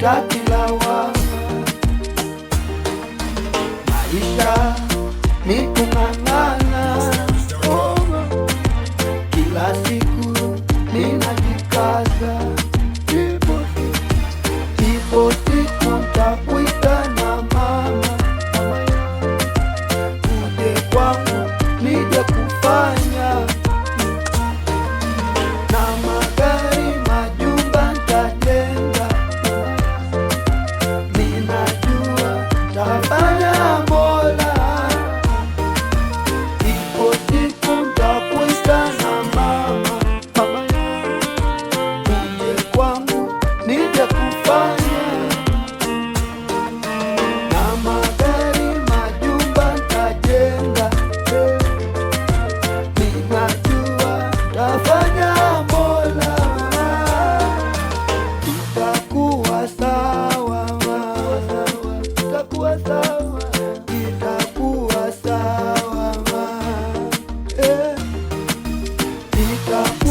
tatilawa maisha ni kung'ang'ana, oh. Kila siku ninajikaza, ipo siku nitakuita na mama, uje kwangu nije kufanya Pick up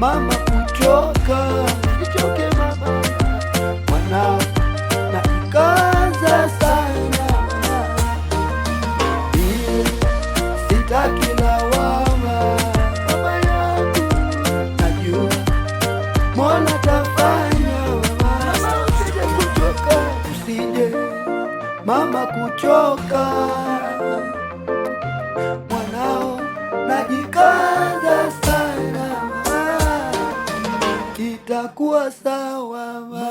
mama kuchoka, usichoke mama, mwana na ikaza sana, mie sitaki lawama, mama yangu najua mwana tafanya, mama usije kuchoka, usije mama kuchoka itakuwa sawa.